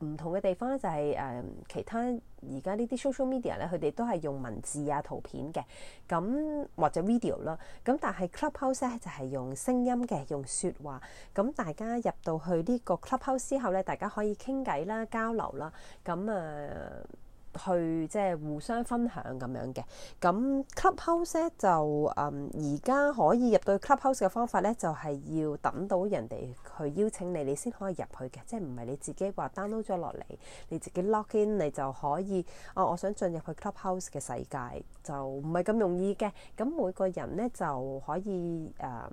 唔同嘅地方咧就係誒其他而家呢啲 social media 咧，佢哋都係用文字啊圖片嘅，咁或者 video 咯，咁但係 clubhouse 咧就係用聲音嘅，用説話，咁大家入到去呢個 clubhouse 之後咧，大家可以傾偈啦、交流啦，咁誒。呃去即係互相分享咁樣嘅，咁 Clubhouse 咧就誒而家可以入到 Clubhouse 嘅方法咧，就係、是、要等到人哋去邀請你，你先可以入去嘅，即係唔係你自己話 download 咗落嚟，你自己 login 你就可以哦。我想進入去 Clubhouse 嘅世界就唔係咁容易嘅，咁每個人咧就可以誒。嗯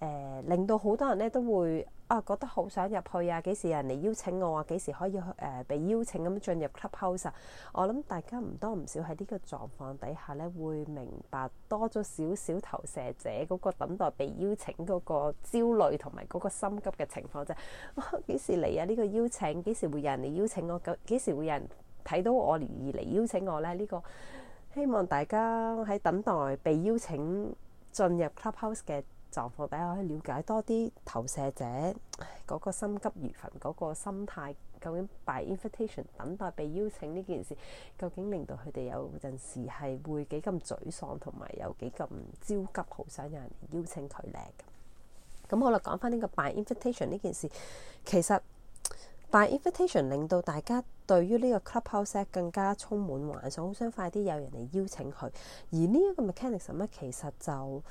誒、呃、令到好多人咧都會啊，覺得好想入去啊！幾時有人嚟邀請我啊？幾時可以誒、呃、被邀請咁進入 Clubhouse？啊、我諗大家唔多唔少喺呢個狀況底下咧，會明白多咗少少投射者嗰個等待被邀請嗰個焦慮同埋嗰個心急嘅情況啫。幾時嚟啊？呢、啊呢個邀請幾時會有人嚟邀請我？幾幾時會有人睇到我而嚟邀請我咧？呢、呢個希望大家喺等待被邀請進入 Clubhouse 嘅狀況底下可以瞭解多啲投射者嗰個心急如焚嗰個心態，究竟 by invitation 等待被邀請呢件事，究竟令到佢哋有陣時係會幾咁沮喪，同埋有幾咁焦急，好想有人嚟邀請佢咧。咁好啦，講返呢個 by invitation 呢件事，其實 by invitation 令到大家對於呢個 clubhouse 更加充滿幻想，好想快啲有人嚟邀請佢。而呢一個 mechanism 呢，其實就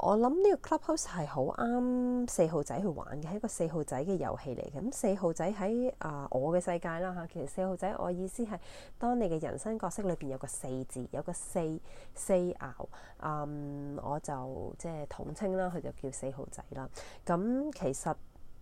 我諗呢個 clubhouse 係好啱四號仔去玩嘅，係一個四號仔嘅遊戲嚟嘅。咁四號仔喺啊、呃、我嘅世界啦嚇，其實四號仔，我意思係，當你嘅人生角色裏邊有個四字，有個四四牛，嗯，我就即係統稱啦，佢就叫四號仔啦。咁、嗯、其實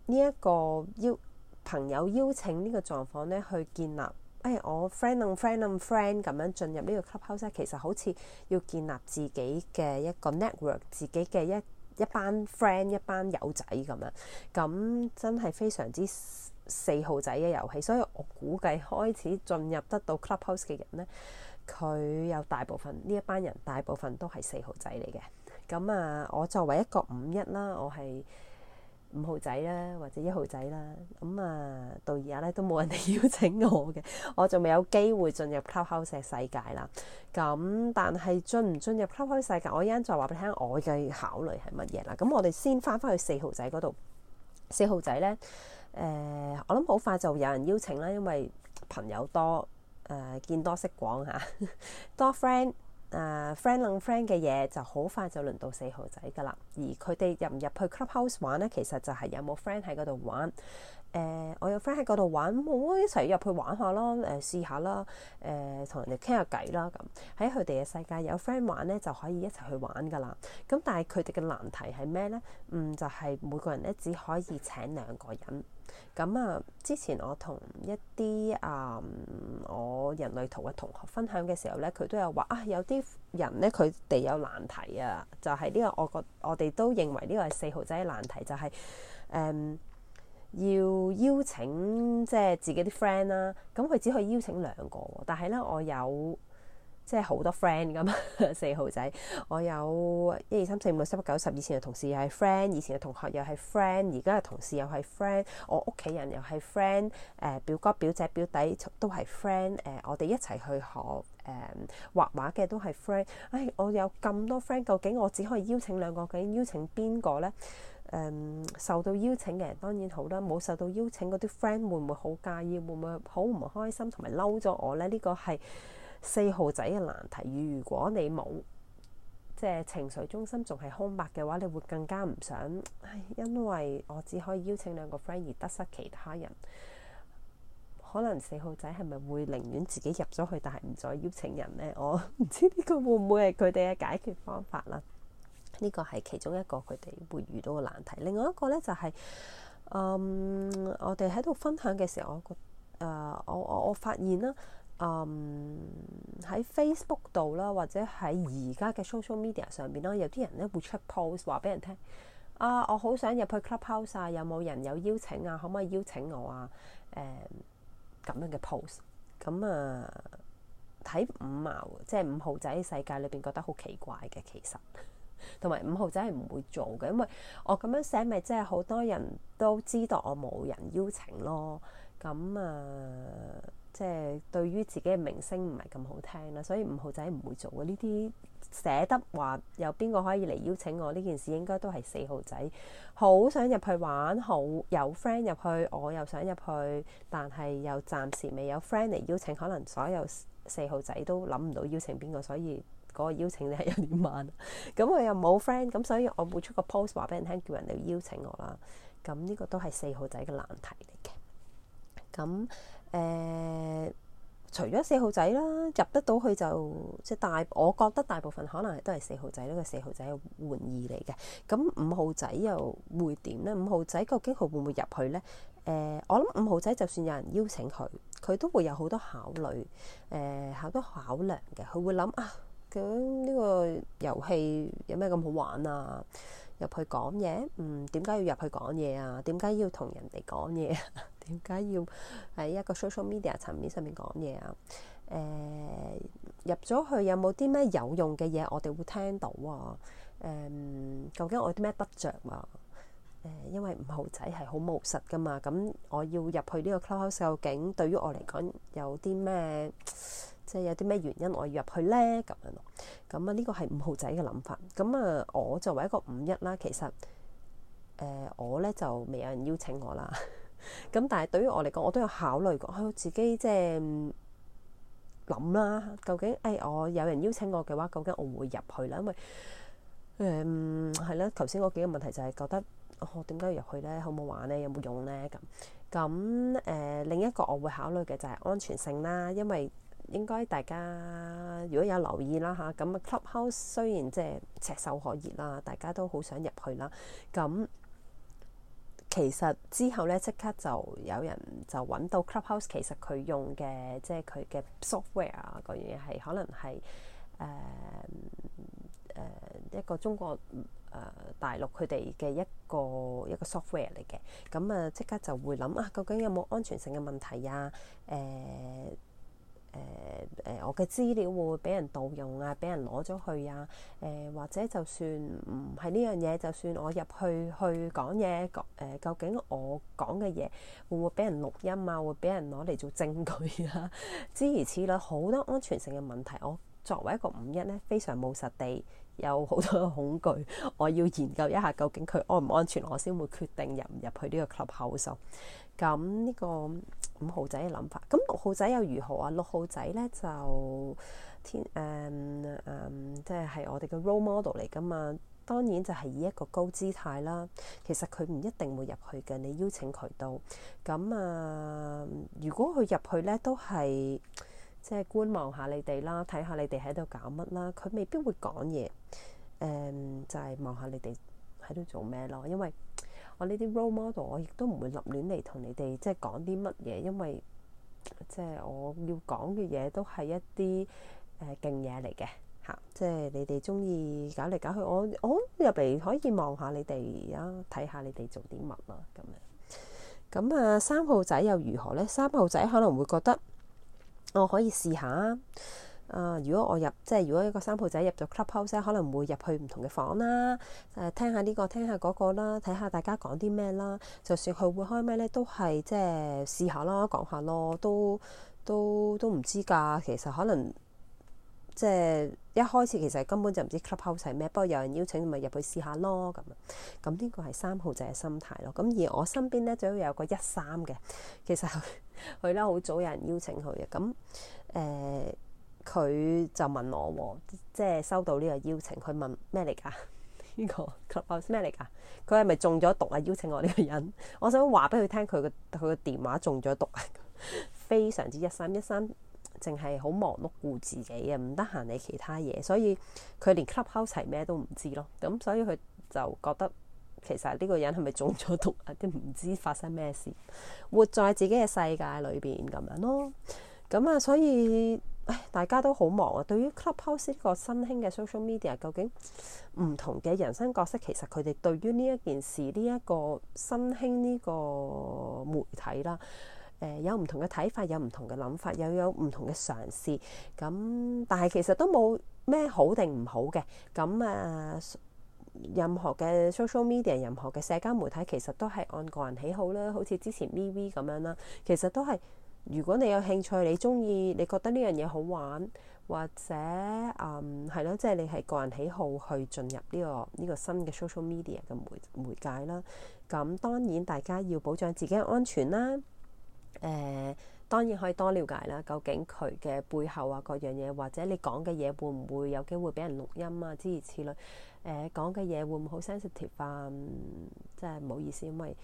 呢一個邀朋友邀請呢個狀況咧，去建立。誒、哎，我 friend and friend and friend 咁樣進入呢個 clubhouse，其實好似要建立自己嘅一個 network，自己嘅一一班 friend、一班友仔咁樣，咁真係非常之四號仔嘅遊戲，所以我估計開始進入得到 clubhouse 嘅人咧，佢有大部分呢一班人大部分都係四號仔嚟嘅。咁啊，我作為一個五一啦，我係。五號仔啦，或者一號仔啦，咁、嗯、啊到而家咧都冇人哋邀請我嘅，我仲未有機會進入 Clubhouse 嘅世界啦。咁、嗯、但係進唔進入 Clubhouse 世界，我一陣再話俾你聽、嗯，我嘅考慮係乜嘢啦。咁我哋先翻翻去四號仔嗰度，四號仔咧，誒、呃，我諗好快就有人邀請啦，因為朋友多，誒、呃、見多識廣吓，多 friend。誒、uh, friend 撚 friend 嘅嘢就好快就輪到四號仔噶啦，而佢哋入唔入去 clubhouse 玩咧，其實就係有冇 friend 喺嗰度玩。誒、呃，我有 friend 喺嗰度玩，我可以一齊入去玩下咯，誒、呃，試下啦，誒、呃，同人哋傾下偈啦咁。喺佢哋嘅世界有 friend 玩咧，就可以一齊去玩噶啦。咁但係佢哋嘅難題係咩咧？嗯，就係、是、每個人咧只可以請兩個人。咁、嗯、啊，之前我同一啲啊、嗯，我人類圖嘅同學分享嘅時候咧，佢都有話啊，有啲人咧佢哋有難題啊，就係、是、呢、這個我覺得我哋都認為呢個係四號仔嘅難題，就係、是、誒。嗯要邀請即係自己啲 friend 啦，咁佢只可以邀請兩個，但係咧我有即係好多 friend 咁四號仔，我有一二三四五六七八九十以前嘅同事又係 friend，以前嘅同學又係 friend，而家嘅同事又係 friend，我屋企人又係 friend，誒、呃、表哥表姐表弟都係 friend，誒、呃、我哋一齊去學誒、呃、畫畫嘅都係 friend，唉、哎、我有咁多 friend，究竟我只可以邀請兩個，究竟邀請邊個咧？誒、um, 受到邀請嘅人當然好啦，冇受到邀請嗰啲 friend 會唔會好介意，會唔會好唔開心同埋嬲咗我咧？呢、呢個係四號仔嘅難題。如果你冇，即係情緒中心仲係空白嘅話，你會更加唔想，因為我只可以邀請兩個 friend 而得失其他人。可能四號仔係咪會寧願自己入咗去，但係唔再邀請人咧？我唔知呢個會唔會係佢哋嘅解決方法啦。呢個係其中一個佢哋會遇到嘅難題。另外一個咧就係，嗯，我哋喺度分享嘅時候，我覺，誒我我我發現啦，嗯喺 Facebook 度啦，或者喺而家嘅 social media 上邊啦，有啲人咧會出 post 話俾人聽啊，我好想入去 clubhouse 啊，有冇人有邀請啊？可唔可以邀請我啊？誒咁樣嘅 post 咁啊，睇五毛，即係五毫仔世界裏邊覺得好奇怪嘅，其實。同埋五號仔係唔會做嘅，因為我咁樣寫咪即係好多人都知道我冇人邀請咯。咁啊，即係對於自己嘅名聲唔係咁好聽啦，所以五號仔唔會做嘅。呢啲寫得話有邊個可以嚟邀請我呢件事，應該都係四號仔好想入去玩，好有 friend 入去，我又想入去，但係又暫時未有 friend 嚟邀請，可能所有四號仔都諗唔到邀請邊個，所以。嗰個邀請你係 有啲慢，咁佢又冇 friend，咁所以我會出個 post 話俾人聽，叫人哋邀請我啦。咁呢個都係四號仔嘅難題嚟嘅。咁誒、呃，除咗四號仔啦，入得到佢就即係、就是、大。我覺得大部分可能都係四號仔呢、呢個四號仔嘅玩意嚟嘅。咁五號仔又會點咧？五號仔究竟佢會唔會入去咧？誒、呃，我諗五號仔就算有人邀請佢，佢都會有好多考慮，誒、呃、好多考量嘅。佢會諗啊～咁呢個遊戲有咩咁好玩啊？入去講嘢，嗯，點解要入去講嘢啊？點解要同人哋講嘢啊？點解要喺一個 social media 層面上面講嘢啊？誒、嗯，入咗去有冇啲咩有用嘅嘢我哋會聽到啊？誒、嗯，究竟我有啲咩得着啊？誒、嗯，因為五號仔係好務實噶嘛，咁我要入去呢個 Clubhouse 究竟，對於我嚟講有啲咩？即係有啲咩原因我要入去咧，咁樣咯，咁啊呢個係五號仔嘅諗法。咁啊，我作為一個五一啦。其實誒、呃，我咧就未有人邀請我啦。咁 但係對於我嚟講，我都有考慮過，哎、我自己即係諗啦。究竟誒、哎，我有人邀請我嘅話，究竟我會唔會入去啦？因為誒，係、嗯、啦。頭先嗰幾個問題就係覺得我點解要入去咧？好唔好玩咧？有冇用咧？咁咁誒，另一個我會考慮嘅就係安全性啦，因為。應該大家如果有留意啦嚇，咁啊 Clubhouse 雖然即係炙手可熱啦，大家都好想入去啦。咁其實之後咧，即刻就有人就揾到 Clubhouse。其實佢用嘅即係佢嘅 software 啊。個樣嘢係可能係誒誒一個中國誒、呃、大陸佢哋嘅一個一個 software 嚟嘅。咁啊，即刻就會諗啊，究竟有冇安全性嘅問題啊？誒、呃。誒誒、呃呃，我嘅資料會唔會俾人盜用啊？俾人攞咗去啊？誒、呃，或者就算唔係呢樣嘢，就算我入去去講嘢，誒、呃，究竟我講嘅嘢會唔會俾人錄音啊？會俾人攞嚟做證據啊？諸如此類，好多安全性嘅問題，我作為一個五一咧，非常務實地。有好多嘅恐懼，我要研究一下究竟佢安唔安全，我先會決定入唔入去呢個 clubhouse。咁呢、這個五號仔嘅諗法，咁六號仔又如何啊？六號仔咧就天誒誒、嗯嗯，即係係我哋嘅 role model 嚟㗎嘛，當然就係以一個高姿態啦。其實佢唔一定會入去嘅，你邀請佢到。咁啊、嗯，如果佢入去咧，都係。即係觀望下你哋啦，睇下你哋喺度搞乜啦。佢未必會講嘢，誒，就係望下你哋喺度做咩咯。因為我呢啲 role model，我亦都唔會立亂嚟同你哋即係講啲乜嘢，因為即係我要講嘅嘢都係一啲誒勁嘢嚟嘅嚇。即係你哋中意搞嚟搞去，我我入嚟可以望下你哋呀，睇下你哋做啲乜咯咁樣。咁啊，三號仔又如何咧？三號仔可能會覺得。我可以試下啊、呃，如果我入，即係如果一個三浦仔入咗 club house，可能會入去唔同嘅房啦，誒、呃，聽下呢、這個，聽下嗰個啦，睇下大家講啲咩啦。就算佢會開咪咧，都係即係試下啦，講下咯，都都都唔知㗎。其實可能。即係一開始其實根本就唔知 clubhouse 係咩，不過有人邀請咪入去試下咯咁。咁呢個係三號仔嘅心態咯。咁而我身邊咧總有一個一三嘅，其實佢咧好早有人邀請佢嘅。咁誒佢就問我，即係收到呢個邀請，佢問咩嚟㗎？呢 個 clubhouse 咩嚟㗎？佢係咪中咗毒啊？邀請我呢個人，我想話俾佢聽，佢嘅佢嘅電話中咗毒啊，非常之一三一三。淨係好忙碌顧自己嘅，唔得閒理其他嘢，所以佢連 clubhouse 係咩都唔知咯。咁所以佢就覺得，其實呢個人係咪中咗毒啊？都唔知發生咩事，活在自己嘅世界裏邊咁樣咯。咁啊，所以大家都好忙啊。對於 clubhouse 呢個新興嘅 social media，究竟唔同嘅人生角色，其實佢哋對於呢一件事，呢一個新興呢個媒體啦。誒、呃、有唔同嘅睇法，有唔同嘅諗法，又有唔同嘅嘗試咁，但係其實都冇咩好定唔好嘅咁啊。任何嘅 social media，任何嘅社交媒體，其實都係按個人喜好啦。好似之前 V V 咁樣啦，其實都係如果你有興趣，你中意，你覺得呢樣嘢好玩，或者嗯，係咯，即係、就是、你係個人喜好去進入呢、這個呢、這個新嘅 social media 嘅媒媒、媒介啦。咁當然大家要保障自己嘅安全啦。誒、呃、當然可以多了解啦，究竟佢嘅背後啊、各樣嘢，或者你講嘅嘢會唔會有機會俾人錄音啊，諸如此類，誒，講嘅嘢會唔會好 sensitive 啊？即、嗯、係唔好意思，因為。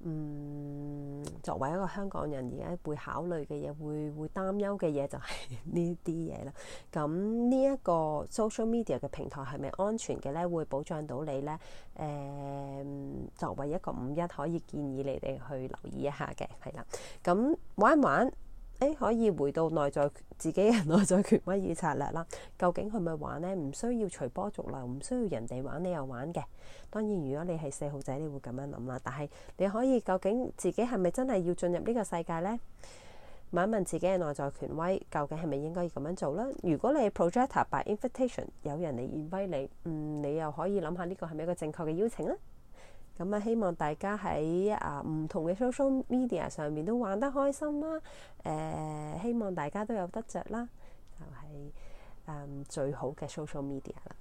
嗯，作為一個香港人，而家會考慮嘅嘢，會會擔憂嘅嘢就係呢啲嘢啦。咁呢一個 social media 嘅平台係咪安全嘅咧？會保障到你咧？誒、嗯，作為一個五一，可以建議你哋去留意一下嘅，係啦。咁、嗯、玩一玩。誒、哎，可以回到內在自己嘅內在權威與策略啦。究竟佢咪玩呢？唔需要隨波逐流，唔需要人哋玩你又玩嘅。當然，如果你係四號仔，你會咁樣諗啦。但係你可以究竟自己係咪真係要進入呢個世界呢？問一問自己嘅內在權威，究竟係咪應該要咁樣做啦？如果你 projector by invitation，有人嚟 invite 你，嗯，你又可以諗下呢個係咪一個正確嘅邀請呢？咁啊，希望大家喺啊唔同嘅 social media 上面都玩得開心啦。誒、呃、希望大家都有得着啦，就係、是、誒最好嘅 social media 啦。